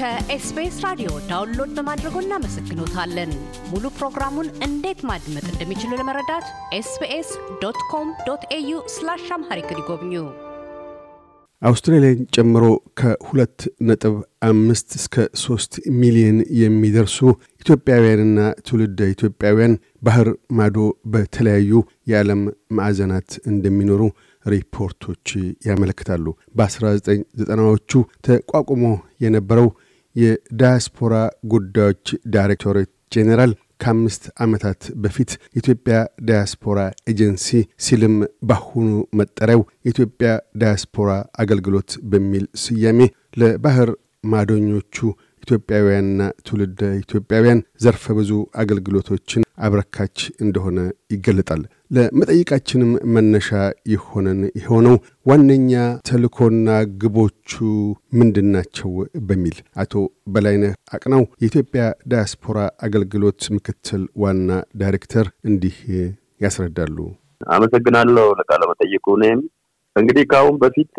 ከኤስቢኤስ ራዲዮ ዳውንሎድ በማድረጎ እናመሰግኖታለን። ሙሉ ፕሮግራሙን እንዴት ማድመጥ እንደሚችሉ ለመረዳት ኤስቢኤስ ዶት ኮም ዶት ኤዩ ስላሽ አምሃሪክ ይጎብኙ። አውስትራሊያን ጨምሮ ከሁለት ነጥብ አምስት እስከ ሶስት ሚሊዮን የሚደርሱ ኢትዮጵያውያንና ትውልደ ኢትዮጵያውያን ባህር ማዶ በተለያዩ የዓለም ማዕዘናት እንደሚኖሩ ሪፖርቶች ያመለክታሉ። በ1990ዎቹ ተቋቁሞ የነበረው የዳያስፖራ ጉዳዮች ዳይሬክቶሬት ጄኔራል ከአምስት ዓመታት በፊት የኢትዮጵያ ዳያስፖራ ኤጀንሲ ሲልም ባሁኑ መጠሪያው የኢትዮጵያ ዳያስፖራ አገልግሎት በሚል ስያሜ ለባህር ማዶኞቹ ኢትዮጵያውያንና ትውልደ ኢትዮጵያውያን ዘርፈ ብዙ አገልግሎቶችን አብረካች እንደሆነ ይገለጣል። ለመጠይቃችንም መነሻ ይሆነን የሆነው ዋነኛ ተልኮና ግቦቹ ምንድን ናቸው በሚል አቶ በላይነህ አቅናው የኢትዮጵያ ዲያስፖራ አገልግሎት ምክትል ዋና ዳይሬክተር እንዲህ ያስረዳሉ። አመሰግናለሁ ለቃለ መጠይቁ። እኔም እንግዲህ ከአሁን በፊት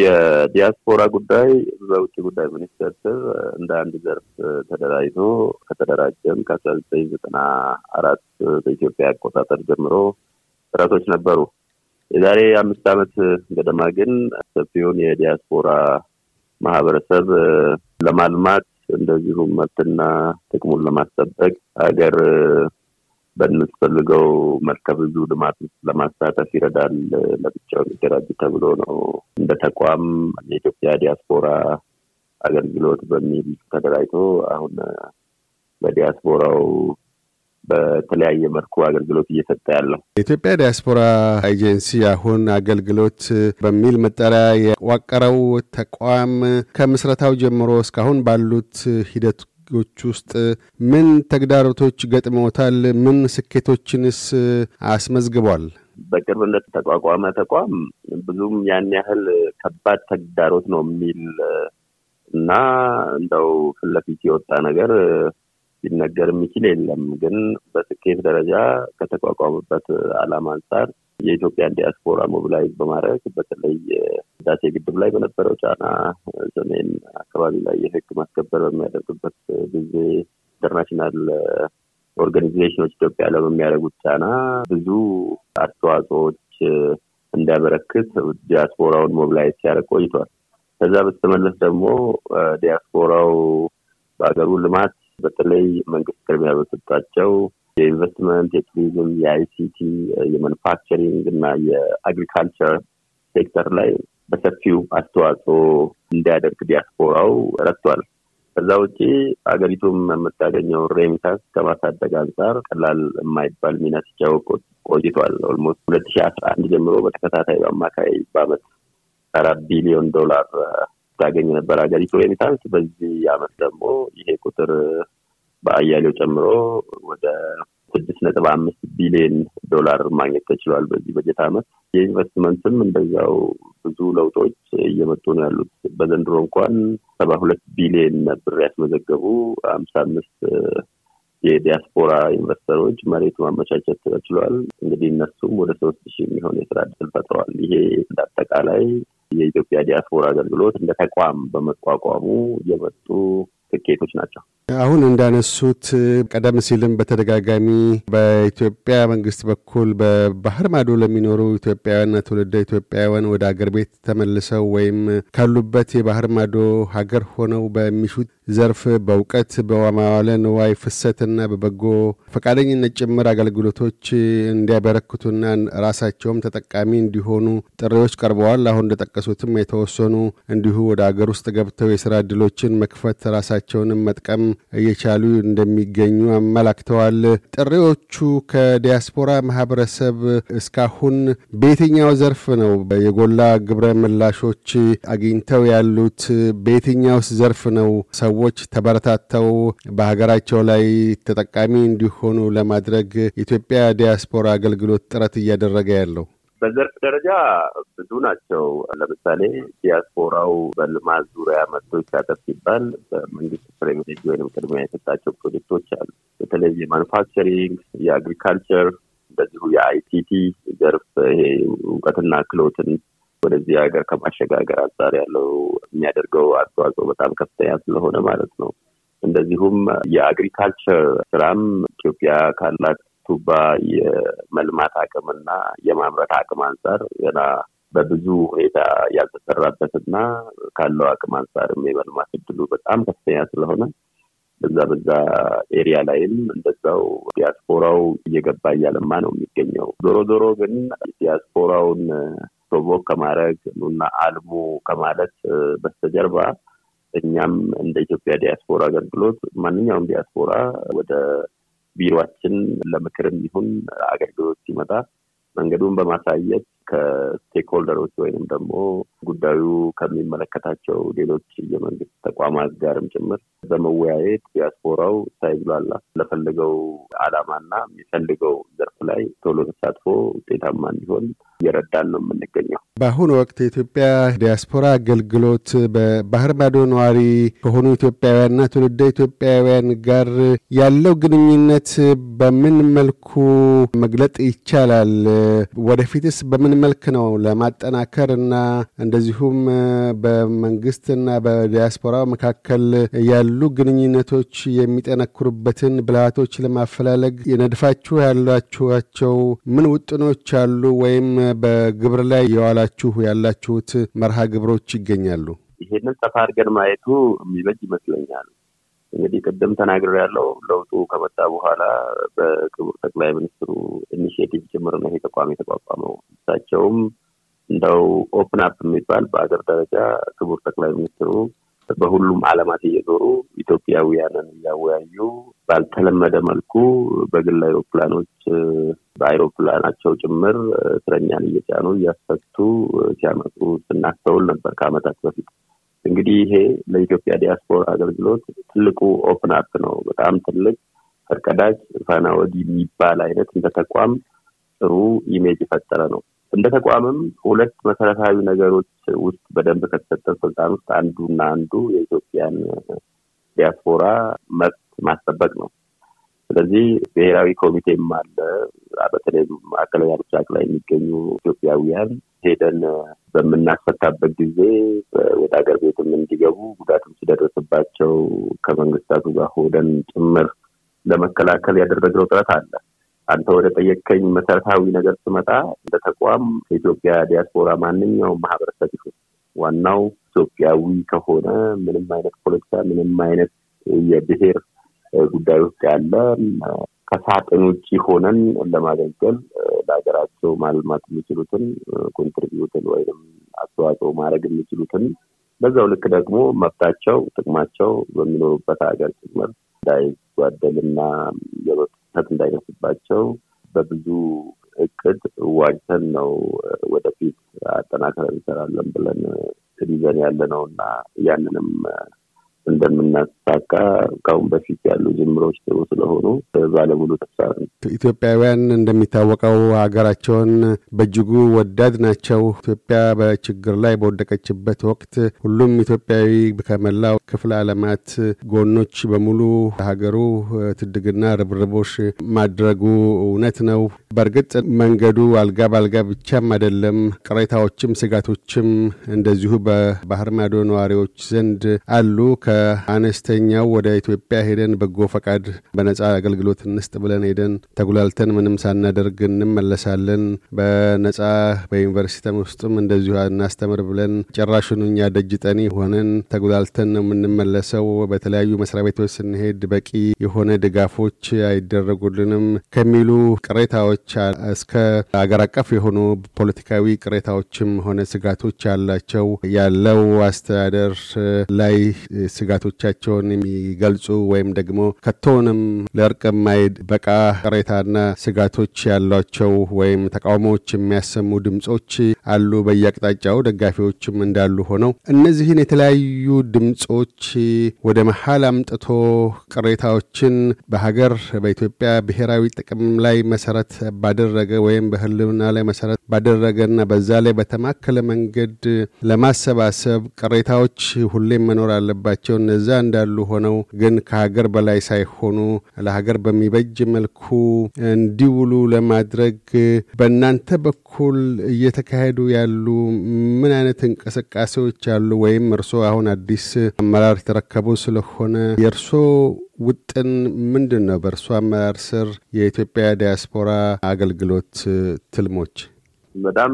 የዲያስፖራ ጉዳይ በውጭ ጉዳይ ሚኒስቴር ስር እንደ አንድ ዘርፍ ተደራጅቶ ከተደራጀም ከአስራ ዘጠኝ ዘጠና አራት በኢትዮጵያ አቆጣጠር ጀምሮ ጥረቶች ነበሩ። የዛሬ አምስት ዓመት ገደማ ግን ሰፊውን የዲያስፖራ ማህበረሰብ ለማልማት እንደዚሁም መብትና ጥቅሙን ለማስጠበቅ ሀገር በምትፈልገው መልከ ብዙ ልማት ውስጥ ለማሳተፍ ይረዳል ለብቻው የሚደራጅ ተብሎ ነው እንደ ተቋም የኢትዮጵያ ዲያስፖራ አገልግሎት በሚል ተደራጅቶ አሁን በዲያስፖራው በተለያየ መልኩ አገልግሎት እየሰጠ ያለው የኢትዮጵያ ዲያስፖራ ኤጀንሲ አሁን አገልግሎት በሚል መጠሪያ የዋቀረው ተቋም ከምስረታው ጀምሮ እስካሁን ባሉት ሂደት ች ውስጥ ምን ተግዳሮቶች ገጥመውታል? ምን ስኬቶችንስ አስመዝግቧል? በቅርብ ተቋቋመ ተቋም ብዙም ያን ያህል ከባድ ተግዳሮት ነው የሚል እና እንደው ፊት ለፊት የወጣ ነገር ሊነገር የሚችል የለም። ግን በስኬት ደረጃ ከተቋቋመበት አላማ አንጻር የኢትዮጵያን ዲያስፖራ ሞቢላይዝ በማድረግ በተለይ ህዳሴ ግድብ ላይ በነበረው ጫና ሰሜን አካባቢ ላይ የህግ ማስከበር በሚያደርግበት ጊዜ ኢንተርናሽናል ኦርጋኒዜሽኖች ኢትዮጵያ ለበሚያደርጉት ጫና ብዙ አስተዋጽዎች እንዲያበረክት ዲያስፖራውን ሞቢላይዝ ሲያደርግ ቆይቷል። ከዛ በተመለስ ደግሞ ዲያስፖራው በሀገሩ ልማት በተለይ መንግስት ቅድሚያ በሰጣቸው የኢንቨስትመንት፣ የቱሪዝም፣ የአይሲቲ፣ የማኑፋክቸሪንግ እና የአግሪካልቸር ሴክተር ላይ በሰፊው አስተዋጽኦ እንዲያደርግ ዲያስፖራው ረድቷል። ከዛ ውጪ ሀገሪቱም የምታገኘው ሬሚታንስ ከማሳደግ አንጻር ቀላል የማይባል ሚና ሲጫወቅ ቆይቷል። ኦልሞስት ሁለት ሺ አስራ አንድ ጀምሮ በተከታታይ በአማካይ በአመት አራት ቢሊዮን ዶላር ታገኝ ነበር ሀገሪቱ ሬሚታንስ። በዚህ አመት ደግሞ ይሄ ቁጥር በአያሌው ጨምሮ ወደ ስድስት ነጥብ አምስት ቢሊዮን ዶላር ማግኘት ተችሏል በዚህ በጀት አመት። የኢንቨስትመንትም እንደዛው ብዙ ለውጦች እየመጡ ነው ያሉት። በዘንድሮ እንኳን ሰባ ሁለት ቢሊዮን ብር ያስመዘገቡ አምሳ አምስት የዲያስፖራ ኢንቨስተሮች መሬት ማመቻቸት ተችሏል። እንግዲህ እነሱም ወደ ሶስት ሺህ የሚሆን የስራ እድል ፈጥረዋል። ይሄ እንዳጠቃላይ የኢትዮጵያ ዲያስፖራ አገልግሎት እንደ ተቋም በመቋቋሙ የመጡ ስኬቶች ናቸው። አሁን እንዳነሱት ቀደም ሲልም በተደጋጋሚ በኢትዮጵያ መንግስት በኩል በባህር ማዶ ለሚኖሩ ኢትዮጵያውያንና ትውልደ ኢትዮጵያውያን ወደ አገር ቤት ተመልሰው ወይም ካሉበት የባህር ማዶ ሀገር ሆነው በሚሹት ዘርፍ በእውቀት በማዋለ ንዋይ ፍሰትና በበጎ ፈቃደኝነት ጭምር አገልግሎቶች እንዲያበረክቱና ራሳቸውም ተጠቃሚ እንዲሆኑ ጥሪዎች ቀርበዋል። አሁን እንደጠቀሱትም የተወሰኑ እንዲሁ ወደ አገር ውስጥ ገብተው የስራ እድሎችን መክፈት ራሳቸውንም መጥቀም እየቻሉ እንደሚገኙ አመላክተዋል። ጥሪዎቹ ከዲያስፖራ ማህበረሰብ እስካሁን በየትኛው ዘርፍ ነው የጎላ ግብረ ምላሾች አግኝተው ያሉት? በየትኛውስ ዘርፍ ነው ሰው ሰዎች ተበረታተው በሀገራቸው ላይ ተጠቃሚ እንዲሆኑ ለማድረግ የኢትዮጵያ ዲያስፖራ አገልግሎት ጥረት እያደረገ ያለው? በዘርፍ ደረጃ ብዙ ናቸው። ለምሳሌ ዲያስፖራው በልማት ዙሪያ መጥቶ ይሳተፍ ሲባል በመንግስት ፕሪቪሌጅ ወይም ቅድሚያ የሰጣቸው ፕሮጀክቶች አሉ። በተለይ የማኑፋክቸሪንግ፣ የአግሪካልቸር እንደዚሁ የአይሲቲ ዘርፍ ይሄ እውቀትና ክሎትን ወደዚህ ሀገር ከማሸጋገር አንጻር ያለው የሚያደርገው አስተዋጽኦ በጣም ከፍተኛ ስለሆነ ማለት ነው። እንደዚሁም የአግሪካልቸር ስራም ኢትዮጵያ ካላት ቱባ የመልማት አቅምና የማምረት አቅም አንጻር ገና በብዙ ሁኔታ ያልተሰራበትና ካለው አቅም አንጻርም የመልማት እድሉ በጣም ከፍተኛ ስለሆነ በዛ በዛ ኤሪያ ላይም እንደዛው ዲያስፖራው እየገባ እያለማ ነው የሚገኘው። ዞሮ ዞሮ ግን ዲያስፖራውን ፕሮቮክ ከማድረግ ኑና አልሙ ከማለት በስተጀርባ እኛም እንደ ኢትዮጵያ ዲያስፖራ አገልግሎት ማንኛውም ዲያስፖራ ወደ ቢሮችን ለምክርም ይሁን አገልግሎት ሲመጣ መንገዱን በማሳየት ከስቴክሆልደሮች ወይንም ደግሞ ጉዳዩ ከሚመለከታቸው ሌሎች የመንግስት ተቋማት ጋርም ጭምር በመወያየት ዲያስፖራው ሳይጉላላ ለፈልገው አላማና የሚፈልገው ዘርፍ ላይ ቶሎ ተሳትፎ ውጤታማ እንዲሆን እየረዳን ነው የምንገኘው። በአሁኑ ወቅት የኢትዮጵያ ዲያስፖራ አገልግሎት በባህር ማዶ ነዋሪ ከሆኑ ኢትዮጵያውያንና ትውልደ ኢትዮጵያውያን ጋር ያለው ግንኙነት በምን መልኩ መግለጥ ይቻላል? ወደፊትስ በምን መልክ ነው ለማጠናከር እና እንደዚሁም በመንግስትና በዲያስፖራ መካከል ያሉ ግንኙነቶች የሚጠነክሩበትን ብልሃቶች ለማፈላለግ የነድፋችሁ ያሏችኋቸው ምን ውጥኖች አሉ ወይም በግብር ላይ የዋላችሁ ያላችሁት መርሃ ግብሮች ይገኛሉ። ይሄንን ሰፋ አድርገን ማየቱ የሚበጅ ይመስለኛል። እንግዲህ ቅድም ተናግሮ ያለው ለውጡ ከመጣ በኋላ በክቡር ጠቅላይ ሚኒስትሩ ኢኒሽቲቭ ጭምር ነው ይሄ ተቋም የተቋቋመው። እሳቸውም እንደው ኦፕን አፕ የሚባል በአገር ደረጃ ክቡር ጠቅላይ ሚኒስትሩ በሁሉም ዓለማት እየዞሩ ኢትዮጵያውያንን እያወያዩ ባልተለመደ መልኩ በግል አውሮፕላኖች በአይሮፕላናቸው ጭምር እስረኛን እየጫኑ እያስፈቱ ሲያመጡ ስናስተውል ነበር ከዓመታት በፊት። እንግዲህ ይሄ ለኢትዮጵያ ዲያስፖራ አገልግሎት ትልቁ ኦፕን አፕ ነው። በጣም ትልቅ ፈርቀዳጅ ፋና የሚባል አይነት እንደ ተቋም ጥሩ ኢሜጅ የፈጠረ ነው። እንደ ተቋምም ሁለት መሰረታዊ ነገሮች ውስጥ በደንብ ከተሰጠን ስልጣን ውስጥ አንዱና አንዱ የኢትዮጵያን ዲያስፖራ መብት ማስጠበቅ ነው። ስለዚህ ብሔራዊ ኮሚቴም አለ። በተለይ ማዕከላዊ አብሳክ ላይ የሚገኙ ኢትዮጵያውያን ሄደን በምናስፈታበት ጊዜ ወደ ሀገር ቤትም እንዲገቡ ጉዳትም ሲደረስባቸው ከመንግስታቱ ጋር ሆደን ጭምር ለመከላከል ያደረግነው ጥረት አለ። አንተ ወደ ጠየቀኝ መሰረታዊ ነገር ስመጣ እንደ ተቋም ከኢትዮጵያ ዲያስፖራ ማንኛውም ማህበረሰብ ይሁን ዋናው ኢትዮጵያዊ ከሆነ ምንም አይነት ፖለቲካ፣ ምንም አይነት የብሔር ጉዳይ ውስጥ ያለ ከሳጥን ውጭ ሆነን ለማገልገል ለሀገራቸው ማልማት የሚችሉትን ኮንትሪቢዩትን ወይም አስተዋጽኦ ማድረግ የሚችሉትን በዛው ልክ ደግሞ መብታቸው፣ ጥቅማቸው በሚኖሩበት ሀገር ጭምር እንዳይጓደልና የመብት እንዳይነስባቸው በብዙ እቅድ ዋጅተን ነው ወደፊት አጠናክረን እንሰራለን ብለን ይዘን ያለ ነው እና ያንንም እንደምናሳካ ከአሁን በፊት ያሉ ጅምሮች ጥሩ ስለሆኑ ባለሙሉ ተስፋ ነው። ኢትዮጵያውያን እንደሚታወቀው ሀገራቸውን በእጅጉ ወዳድ ናቸው። ኢትዮጵያ በችግር ላይ በወደቀችበት ወቅት ሁሉም ኢትዮጵያዊ ከመላው ክፍለ ዓለማት ጎኖች በሙሉ ሀገሩ ትድግና ርብርቦሽ ማድረጉ እውነት ነው። በእርግጥ መንገዱ አልጋ ባልጋ ብቻም አይደለም። ቅሬታዎችም ስጋቶችም እንደዚሁ በባህር ማዶ ነዋሪዎች ዘንድ አሉ። ከአነስተኛው ወደ ኢትዮጵያ ሄደን በጎ ፈቃድ በነጻ አገልግሎት እንስጥ ብለን ሄደን ተጉላልተን ምንም ሳናደርግ እንመለሳለን። በነጻ በዩኒቨርሲቲም ውስጥም እንደዚሁ እናስተምር ብለን ጭራሹን እኛ ደጅ ጠኒ ሆነን ተጉላልተን ነው የምንመለሰው። በተለያዩ መስሪያ ቤቶች ስንሄድ በቂ የሆነ ድጋፎች አይደረጉልንም ከሚሉ ቅሬታዎች እስከ አገር አቀፍ የሆኑ ፖለቲካዊ ቅሬታዎችም ሆነ ስጋቶች አላቸው ያለው አስተዳደር ላይ ስጋቶቻቸውን የሚገልጹ ወይም ደግሞ ከቶንም ለእርቅ በቃ ቅሬታና ስጋቶች ያሏቸው ወይም ተቃውሞዎች የሚያሰሙ ድምጾች አሉ። በየአቅጣጫው ደጋፊዎችም እንዳሉ ሆነው እነዚህን የተለያዩ ድምጾች ወደ መሀል አምጥቶ ቅሬታዎችን በሀገር በኢትዮጵያ ብሔራዊ ጥቅም ላይ መሰረት ባደረገ ወይም በህልና ላይ መሰረት ባደረገና በዛ ላይ በተማከለ መንገድ ለማሰባሰብ ቅሬታዎች ሁሌም መኖር አለባቸው። ናቸው። እነዛ እንዳሉ ሆነው ግን ከሀገር በላይ ሳይሆኑ ለሀገር በሚበጅ መልኩ እንዲውሉ ለማድረግ በእናንተ በኩል እየተካሄዱ ያሉ ምን አይነት እንቅስቃሴዎች አሉ? ወይም እርስዎ አሁን አዲስ አመራር የተረከቡ ስለሆነ የእርስዎ ውጥን ምንድን ነው? በእርሱ አመራር ስር የኢትዮጵያ ዲያስፖራ አገልግሎት ትልሞች? በጣም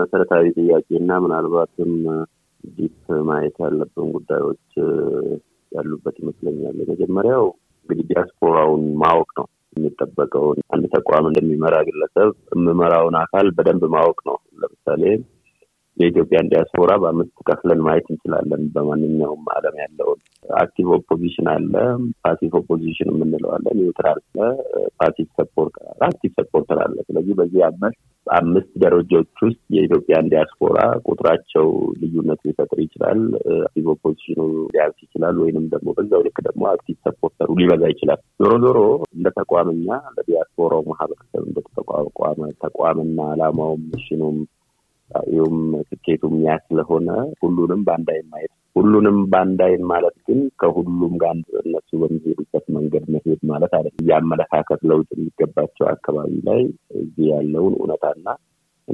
መሰረታዊ ጥያቄ እና ምናልባትም ዲፕ ማየት ያለብን ጉዳዮች ያሉበት ይመስለኛል። የመጀመሪያው እንግዲህ ዲያስፖራውን ማወቅ ነው የሚጠበቀውን። አንድ ተቋም እንደሚመራ ግለሰብ የምመራውን አካል በደንብ ማወቅ ነው። ለምሳሌ የኢትዮጵያን ዲያስፖራ በአምስት ከፍለን ማየት እንችላለን። በማንኛውም ዓለም ያለውን አክቲቭ ኦፖዚሽን አለ፣ ፓሲቭ ኦፖዚሽን የምንለዋለን፣ ኒውትራል አለ፣ ፓሲቭ ሰፖርተር አክቲቭ ሰፖርተር አለ። ስለዚህ በዚህ አመት አምስት ደረጃዎች ውስጥ የኢትዮጵያን ዲያስፖራ ቁጥራቸው ልዩነት ሊፈጥር ይችላል። አክቲቭ ኦፖዚሽኑ ሊያንስ ይችላል፣ ወይንም ደግሞ በዛው ልክ ደግሞ አክቲቭ ሰፖርተሩ ሊበዛ ይችላል። ዞሮ ዞሮ እንደ ተቋምኛ ለዲያስፖራው ማህበረሰብ እንደተቋቋመ ተቋምና አላማውም ምሽኑም ራዕዩም ስኬቱም ያ ስለሆነ ሁሉንም በአንዳይ ማየት ሁሉንም በአንድ ማለት ግን ከሁሉም ጋር እነሱ በሚሄዱበት መንገድ መሄድ ማለት አለ። የአመለካከት ለውጥ የሚገባቸው አካባቢ ላይ እዚህ ያለውን እውነታና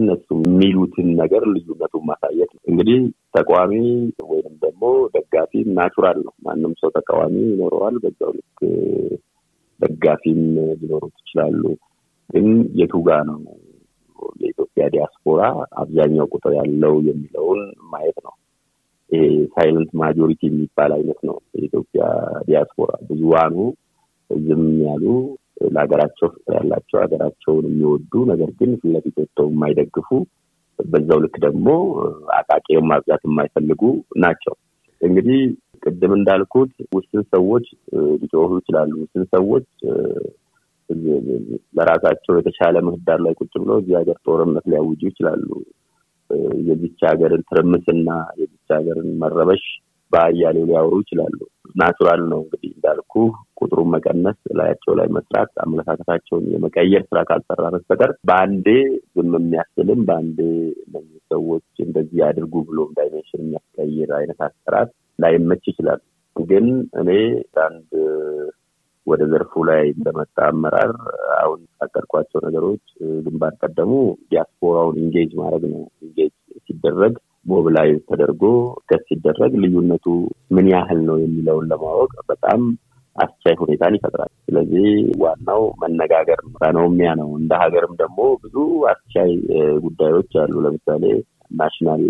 እነሱ የሚሉትን ነገር ልዩነቱን ማሳየት ነው። እንግዲህ ተቃዋሚ ወይም ደግሞ ደጋፊ ናቹራል ነው። ማንም ሰው ተቃዋሚ ይኖረዋል። በዛው ልክ ደጋፊም ሊኖሩት ይችላሉ። ግን የቱ ጋ ነው የኢትዮጵያ ዲያስፖራ አብዛኛው ቁጥር ያለው የሚለውን ማየት ነው። ይሄ ሳይለንት ማጆሪቲ የሚባል አይነት ነው። የኢትዮጵያ ዲያስፖራ ብዙዋኑ ዝም ያሉ ለሀገራቸው ፍቅር ያላቸው ሀገራቸውን የሚወዱ ነገር ግን ፊት ለፊት ወጥተው የማይደግፉ በዛው ልክ ደግሞ አቃቂ ማብዛት የማይፈልጉ ናቸው። እንግዲህ ቅድም እንዳልኩት ውስን ሰዎች ሊጮሁ ይችላሉ። ውስን ሰዎች ለራሳቸው የተሻለ ምህዳር ላይ ቁጭ ብለው እዚህ ሀገር ጦርነት ሊያውጁ ይችላሉ። የዚች ሀገርን ትርምስና የዚች ሀገርን መረበሽ በአያሌው ሊያወሩ ይችላሉ። ናቹራል ነው እንግዲህ እንዳልኩ ቁጥሩን መቀነስ፣ ላያቸው ላይ መስራት፣ አመለካከታቸውን የመቀየር ስራ ካልሰራ በስተቀር በአንዴ ዝም የሚያስልም በአንዴ ሰዎች እንደዚህ አድርጉ ብሎም ዳይሜንሽን የሚያስቀይር አይነት አሰራር ላይመች ይችላል። ግን እኔ አንድ ወደ ዘርፉ ላይ እንደመጣ አመራር አሁን ያቀድኳቸው ነገሮች ግንባር ቀደሙ ዲያስፖራውን ኢንጌጅ ማድረግ ነው። ኢንጌጅ ሲደረግ ሞብላይዝ ተደርጎ ከስ ሲደረግ ልዩነቱ ምን ያህል ነው የሚለውን ለማወቅ በጣም አስቻይ ሁኔታን ይፈጥራል። ስለዚህ ዋናው መነጋገር ነውሚያ ነው። እንደ ሀገርም ደግሞ ብዙ አስቻይ ጉዳዮች አሉ። ለምሳሌ ናሽናል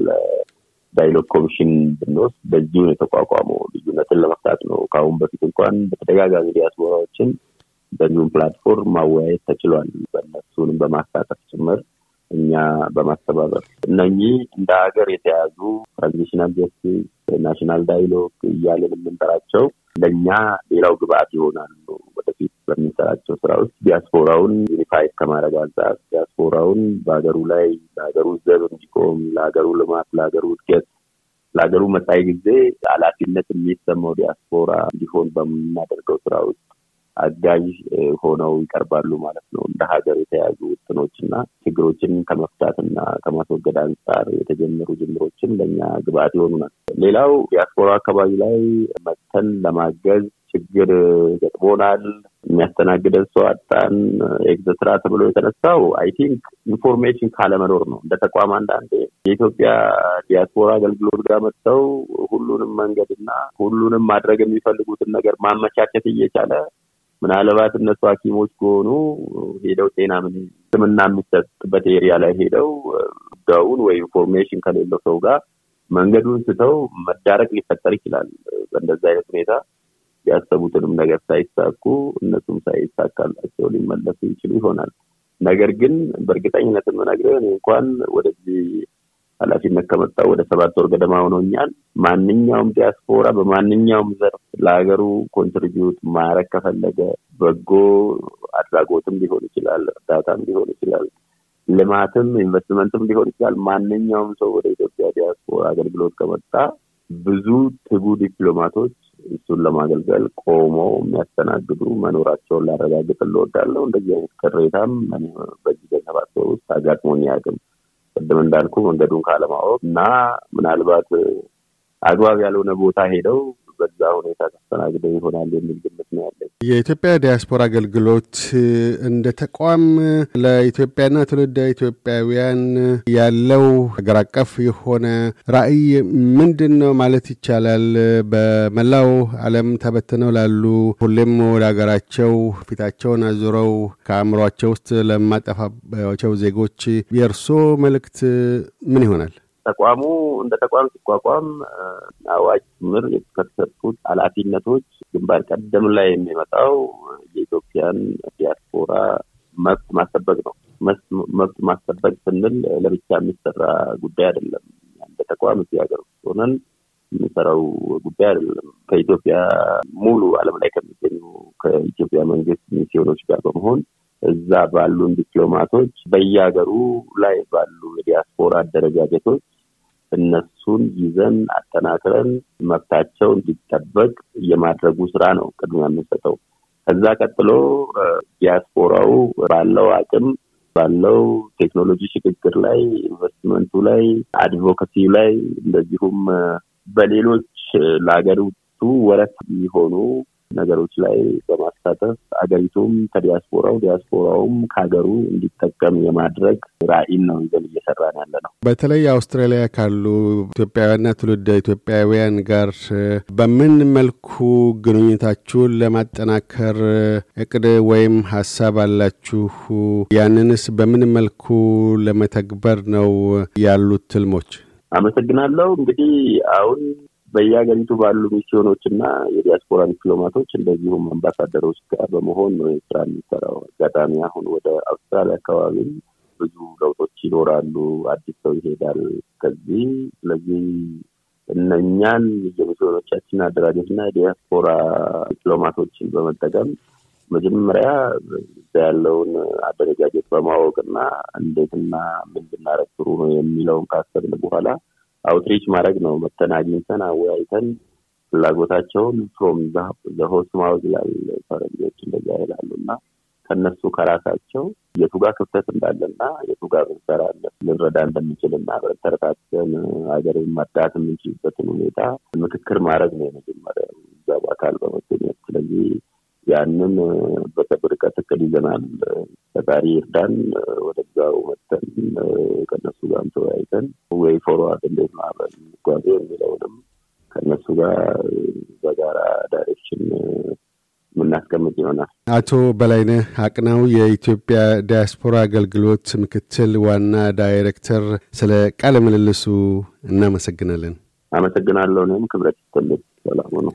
ዳይሎግ ኮሚሽን ብንወስድ በዚሁን የተቋቋመው ልዩነትን ለመፍታት ነው። ከአሁን በፊት እንኳን በተደጋጋሚ ዲያስፖራዎችን በዚሁን ፕላትፎርም ማወያየት ተችሏል። በእነሱንም በማሳተፍ ጭምር እኛ በማስተባበር እነኚህ እንደ ሀገር የተያዙ ትራንዚሽናል ጀስቲስ፣ ናሽናል ዳይሎግ እያለን የምንጠራቸው ለእኛ ሌላው ግብአት ይሆናሉ። ስራ ውስጥ ዲያስፖራውን ዩኒፋይ ከማድረግ አንጻር ዲያስፖራውን በሀገሩ ላይ ለሀገሩ ዘብ እንዲቆም፣ ለሀገሩ ልማት፣ ለሀገሩ እድገት፣ ለሀገሩ መጻኢ ጊዜ ኃላፊነት የሚሰማው ዲያስፖራ እንዲሆን በምናደርገው ስራ ውስጥ አጋዥ ሆነው ይቀርባሉ ማለት ነው። እንደ ሀገር የተያዙ ውጥኖችና ችግሮችን እና ከማስወገድ አንጻር የተጀመሩ ጅምሮችን ለእኛ ግብአት ይሆኑናል። ሌላው ዲያስፖራ አካባቢ ላይ መተን ለማገዝ ችግር ገጥሞናል። የሚያስተናግደን ሰው አጣን። ኤግዘትራ ተብሎ የተነሳው አይ ቲንክ ኢንፎርሜሽን ካለመኖር ነው። እንደ ተቋም አንዳንዴ የኢትዮጵያ ዲያስፖራ አገልግሎት ጋር መጥተው ሁሉንም መንገድና ሁሉንም ማድረግ የሚፈልጉትን ነገር ማመቻቸት እየቻለ ምናልባት እነሱ ሐኪሞች ከሆኑ ሄደው ጤና ምን ሕክምና የሚሰጥበት ኤሪያ ላይ ሄደው ጉዳዩን ወይ ኢንፎርሜሽን ከሌለው ሰው ጋር መንገዱን ስተው መዳረቅ ሊፈጠር ይችላል። በእንደዚህ አይነት ሁኔታ ያሰቡትንም ነገር ሳይሳኩ እነሱም ሳይሳካላቸው ሊመለሱ ይችሉ ይሆናል። ነገር ግን በእርግጠኝነት የምነግርህ እኔ እንኳን ወደዚህ ኃላፊነት ከመጣው ወደ ሰባት ወር ገደማ ሆኖኛል። ማንኛውም ዲያስፖራ በማንኛውም ዘርፍ ለሀገሩ ኮንትሪቢዩት ማረግ ከፈለገ በጎ አድራጎትም ሊሆን ይችላል፣ እርዳታም ሊሆን ይችላል፣ ልማትም ኢንቨስትመንትም ሊሆን ይችላል። ማንኛውም ሰው ወደ ኢትዮጵያ ዲያስፖራ አገልግሎት ከመጣ ብዙ ትጉ ዲፕሎማቶች እሱን ለማገልገል ቆመው የሚያስተናግዱ መኖራቸውን ላረጋግጥ እንወዳለሁ። እንደዚህ አይነት ቅሬታም በዚህ በሰባት ወር ውስጥ አጋጥሞን አያውቅም። ቅድም እንዳልኩ መንገዱን ካለማወቅ እና ምናልባት አግባብ ያልሆነ ቦታ ሄደው በዛ ሁኔታ ተስተናግደው ይሆናል የሚል ግምት ነው ያለኝ። የኢትዮጵያ ዲያስፖራ አገልግሎት እንደ ተቋም ለኢትዮጵያና ትውልደ ኢትዮጵያውያን ያለው ሀገር አቀፍ የሆነ ራዕይ ምንድን ነው ማለት ይቻላል? በመላው ዓለም ተበትነው ላሉ ሁሌም ወደ ሀገራቸው ፊታቸውን አዙረው ከአእምሯቸው ውስጥ ለማጠፋቸው ዜጎች የእርሶ መልእክት ምን ይሆናል? ተቋሙ እንደ ተቋም ሲቋቋም አዋጅ ምር ከተሰጡት ኃላፊነቶች ግንባር ቀደም ላይ የሚመጣው የኢትዮጵያን ዲያስፖራ መብት ማስጠበቅ ነው። መብት ማስጠበቅ ስንል ለብቻ የሚሰራ ጉዳይ አይደለም። እንደ ተቋም እዚህ ሀገር ውስጥ ሆነን የሚሰራው ጉዳይ አይደለም። ከኢትዮጵያ ሙሉ ዓለም ላይ ከሚገኙ ከኢትዮጵያ መንግስት ሚስዮኖች ጋር በመሆን እዛ ባሉን ዲፕሎማቶች በየሀገሩ ላይ ባሉ የዲያስፖራ አደረጃጀቶች እነሱን ይዘን አጠናክረን መብታቸው እንዲጠበቅ የማድረጉ ስራ ነው ቅድሚያ የምንሰጠው። ከዛ ቀጥሎ ዲያስፖራው ባለው አቅም ባለው ቴክኖሎጂ ሽግግር ላይ ኢንቨስትመንቱ ላይ አድቮካሲው ላይ እንደዚሁም በሌሎች ለሀገሪቱ ወረት የሚሆኑ ነገሮች ላይ በማሳተፍ አገሪቱም ከዲያስፖራው ዲያስፖራውም ከሀገሩ እንዲጠቀም የማድረግ ራዕይን ነው ይዘን ነው ያለ ነው። በተለይ አውስትራሊያ ካሉ ኢትዮጵያውያንና ትውልደ ኢትዮጵያውያን ጋር በምን መልኩ ግንኙነታችሁን ለማጠናከር እቅድ ወይም ሀሳብ አላችሁ? ያንንስ በምን መልኩ ለመተግበር ነው ያሉት ትልሞች? አመሰግናለሁ። እንግዲህ አሁን በየሀገሪቱ ባሉ ሚስዮኖች እና የዲያስፖራ ዲፕሎማቶች እንደዚሁም አምባሳደሮች ጋር በመሆን ነው ስራ የሚሰራው። አጋጣሚ አሁን ወደ አውስትራሊያ አካባቢ ብዙ ለውጦች ይኖራሉ። አዲስ ሰው ይሄዳል ከዚህ። ስለዚህ እነኛን የሚስዮኖቻችን አደራጀት እና የዲያስፖራ ዲፕሎማቶችን በመጠቀም መጀመሪያ ያለውን አደረጃጀት በማወቅ እና እንዴትና ምን ብናረግ ጥሩ ነው የሚለውን ካሰብን በኋላ አውትሪች ማድረግ ነው። መተን አግኝተን አወያይተን ፍላጎታቸውን ፍሮም ዘሆስ ማውዝ ይላል ፈረንጆች እንደዚያ ይላሉ እና ከነሱ ከራሳቸው የቱጋ ክፍተት እንዳለና የቱጋ ብንሰራ ልንረዳ እንደምንችልና ተረታተን ሀገር መርዳት የምንችልበትን ሁኔታ ምክክር ማድረግ ነው የመጀመሪያ እዛ አካል በመገኘት ስለዚህ ያንን በቅርብ እቅድ ይዘናል። ፈጣሪ እርዳን። ወደዛው መተን ከነሱ ጋር ተወያይተን ወይ ፎርዋርድ እንዴት ማህበር ጓዜ የሚለውንም ከነሱ ጋር በጋራ ዳይሬክሽን የምናስቀምጥ ይሆናል። አቶ በላይነህ አቅናው የኢትዮጵያ ዲያስፖራ አገልግሎት ምክትል ዋና ዳይሬክተር፣ ስለ ቃለ ምልልሱ እናመሰግናለን። አመሰግናለሁ። እኔም ክብረት ይስጥልኝ። ሰላሙ ነው።